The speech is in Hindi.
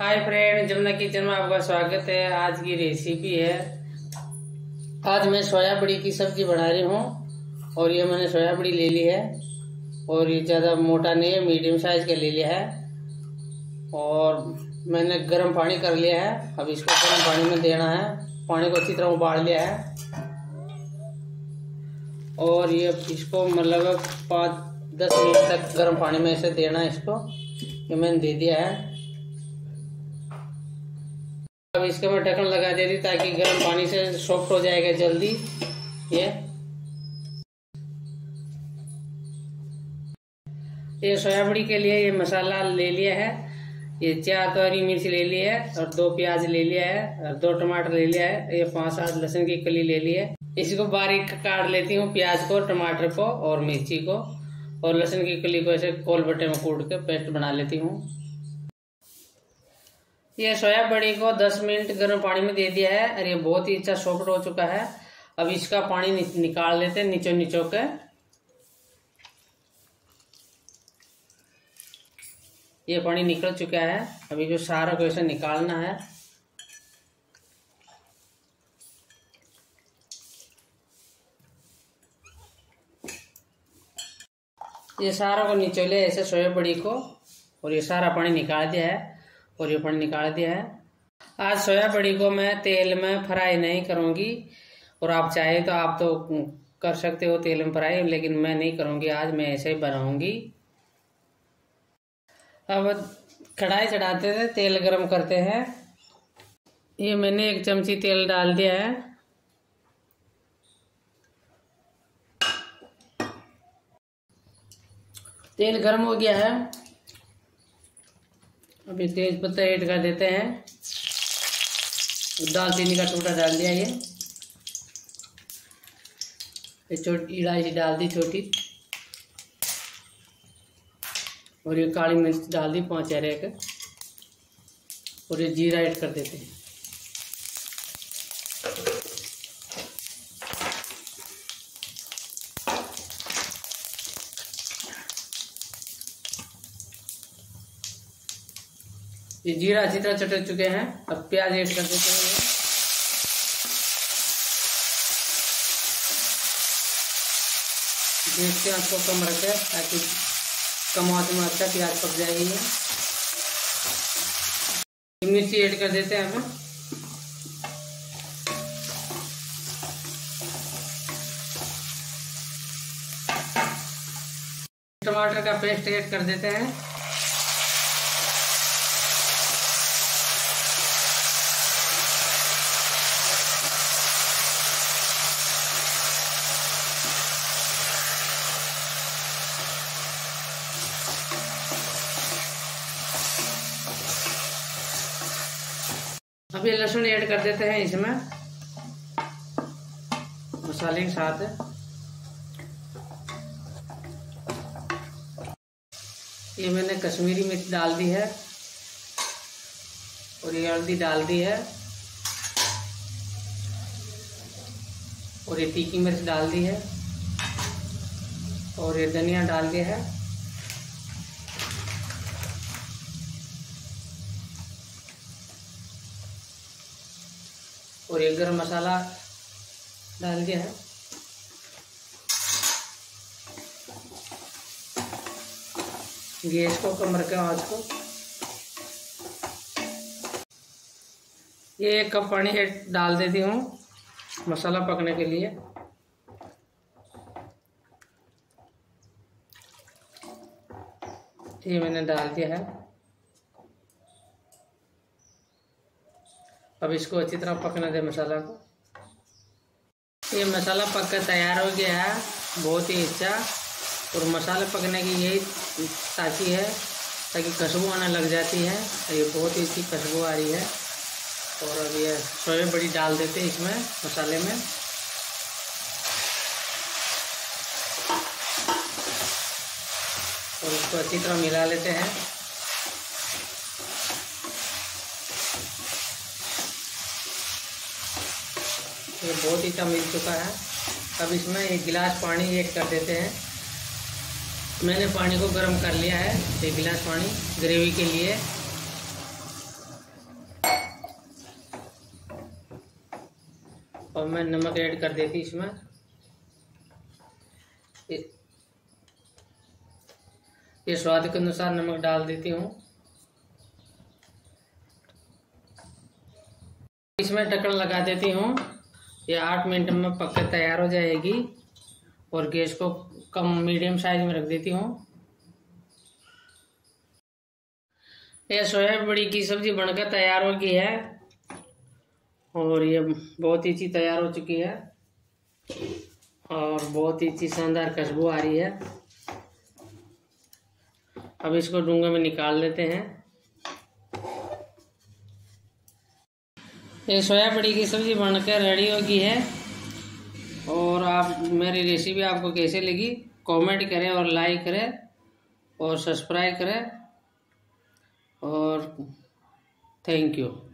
हाय फ्रेंड जमुना किचन में आपका स्वागत है आज की रेसिपी है आज मैं सोया बड़ी की सब्जी बना रही हूँ और ये मैंने सोया बड़ी ले ली है और ये ज़्यादा मोटा नहीं है मीडियम साइज का ले लिया है और मैंने गर्म पानी कर लिया है अब इसको गर्म पानी में देना है पानी को अच्छी तरह उबाल लिया है और ये इसको मतलब पाँच दस मिनट तक गर्म पानी में ऐसे देना है इसको ये मैंने दे दिया है अब इसके मैं ढक्कन लगा देती ताकि गर्म पानी से सॉफ्ट हो जाएगा जल्दी ये ये सोयाबड़ी के लिए ये मसाला ले लिया है ये चार तोरी मिर्च ले लिया है और दो प्याज ले लिया है और दो टमाटर ले लिया है ये पांच सात लहसुन की कली ले ली है इसको बारीक काट लेती हूँ प्याज को टमाटर को और मिर्ची को और लहसुन की कली को ऐसे कोल बटे में कूट के पेस्ट बना लेती हूँ ये सोया बड़ी को 10 मिनट गर्म पानी में दे दिया है और ये बहुत ही अच्छा सॉफ्ट हो चुका है अब इसका पानी नि, निकाल लेते हैं नीचो नीचो के ये पानी निकल चुका है अभी जो सारा को ऐसे निकालना है ये सारा को निचोले ऐसे सोया बड़ी को और ये सारा पानी निकाल दिया है और ये फंड निकाल दिया है आज सोया बड़ी को मैं तेल में फ्राई नहीं करूँगी और आप चाहे तो आप तो कर सकते हो तेल में फ्राई लेकिन मैं नहीं करूँगी आज मैं ऐसे ही बनाऊँगी अब कढ़ाई चढ़ाते थे तेल गरम करते हैं ये मैंने एक चमची तेल डाल दिया है तेल गर्म हो गया है अभी तेज पत्ता ऐड कर देते हैं दालचीनी का टूटा डाल दिया ये छोटी इलायची डाल दी छोटी और ये काली मिर्च डाल दी पाँच हर एक और ये जीरा ऐड कर देते हैं ये जीरा अच्छी तरह चटक चुके हैं अब प्याज ऐड कर देते हैं देखते हैं आपको कम रखे ताकि कम आँच में अच्छा प्याज पक जाएगी मिर्ची ऐड कर देते हैं हमें टमाटर का पेस्ट ऐड कर देते हैं अब ये लहसुन ऐड कर देते हैं इसमें मसाले के साथ ये मैंने कश्मीरी मिर्च डाल दी है और ये हल्दी डाल दी है और ये तीखी मिर्च डाल दी है और ये धनिया डाल दिया है और ये गर्म मसाला डाल दिया है गैस को कम रखें आज को ये एक कप पानी डाल देती हूँ मसाला पकने के लिए ये मैंने डाल दिया है अब इसको अच्छी तरह पकने दे मसाला को ये मसाला पक कर तैयार हो गया है बहुत ही अच्छा और मसाला पकने की यही ताकी है ताकि खुशबू आने लग जाती है ये बहुत ही अच्छी खुशबू आ रही है और अब ये सोए बड़ी डाल देते हैं इसमें मसाले में और इसको अच्छी तरह मिला लेते हैं ये बहुत ही कम मिल चुका है अब इसमें एक गिलास पानी ऐड कर देते हैं मैंने पानी को गर्म कर लिया है एक गिलास पानी ग्रेवी के लिए और मैं नमक ऐड कर देती इसमें ये स्वाद के अनुसार नमक डाल देती हूँ इसमें टक्कर लगा देती हूँ ये आठ मिनट में पक के तैयार हो जाएगी और गैस को कम मीडियम साइज में रख देती हूँ यह सोया बड़ी की सब्जी बनकर तैयार हो गई है और ये बहुत ही अच्छी तैयार हो चुकी है और बहुत ही अच्छी शानदार खुशबू आ रही है अब इसको डूंगे में निकाल लेते हैं ये सोयाबड़ी की सब्ज़ी बनकर रेडी हो गई है और आप मेरी रेसिपी आपको कैसे लगी कमेंट करें और लाइक करें और सब्सक्राइब करें और थैंक यू